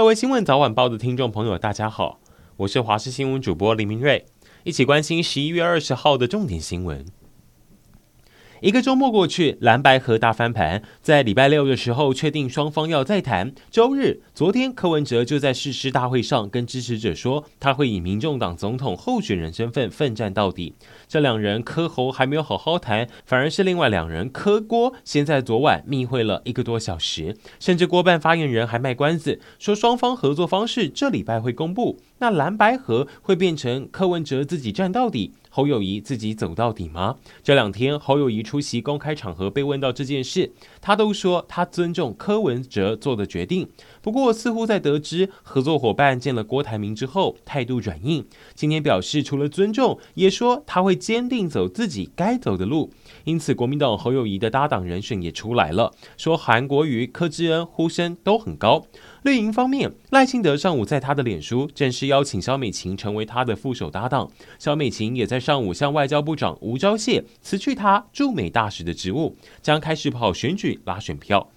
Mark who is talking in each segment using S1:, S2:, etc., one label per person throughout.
S1: 各位《新聞早晚報》的聽眾朋友，大家好，我是華視新聞主播林明瑞，一起關心十一月二十號的重點新聞。一個周末過去，藍白合大翻盤，在禮拜六的時候確定雙方要再談。周日，昨天柯文哲就在誓師大會上跟支持者說，他會以民眾黨總統候選人身份奮戰到底。這兩人柯侯還沒有好好談，反而是另外兩人柯郭先在昨晚密會了一個多小時，甚至郭辦發言人還賣關子，說雙方合作方式這禮拜會公布。那藍白合會變成柯文哲自己站到底，侯友宜自己走到底嗎？這兩天侯友宜出席公開場合被問到這件事，他都說他尊重柯文哲做的決定。不過似乎在得知合作夥伴見了郭台銘之後，態度轉硬。今天表示除了尊重，也說他會堅定走自己該走的路。因此，國民黨侯友宜的搭檔人選也出來了，說韓國瑜、柯志恩呼聲都很高。綠營方面，賴清德上午在他的臉書正式邀請蕭美琴成為他的副手搭檔。蕭美琴也在上午向外交部長吳釗燮辭去他駐美大使的職務，將開始跑選舉拉選票。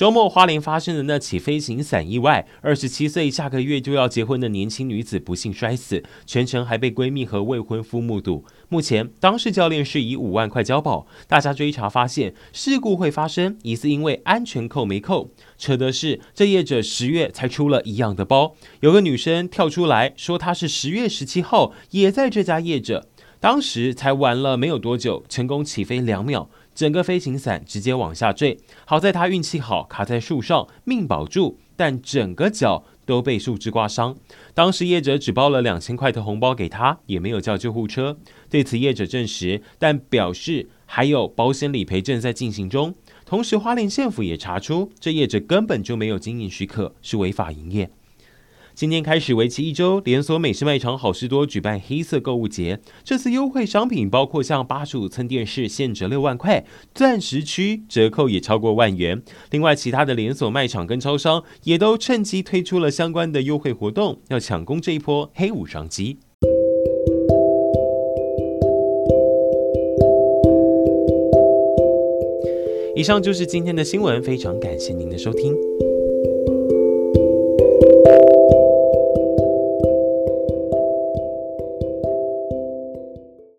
S1: 週末，花蓮發生的那起飛行傘意外，二十七歲、下個月就要結婚的年輕女子不幸摔死，全程還被閨蜜和未婚夫目睹。目前，當事教練是以五萬塊交保。大家追查發現，事故會發生，疑似因為安全扣沒扣。扯的是，這業者十月才出了一樣的包，有個女生跳出來說她是十月十七號也在這家業者，當時才玩了沒有多久，成功起飛兩秒。整個飛行傘直接往下墜，好在他運氣好，卡在樹上，命保住，但整個腳都被樹枝刮傷。當時業者只包了兩千塊的紅包給他，也沒有叫救護車。對此業者證實，但表示還有保險理賠正在進行中。同時，花蓮縣府也查出這業者根本就沒有經營許可，是違法營業。今天開始，為期一周，連鎖美式賣場好市多舉辦黑色購物節。這次優惠商品包括像八十五寸電視現折六萬塊，鑽石區折扣也超過萬元。另外，其他的連鎖賣場跟超商也都趁機推出了相關的優惠活動，要搶攻這一波黑五商機。以上就是今天的新聞，非常感謝您的收聽。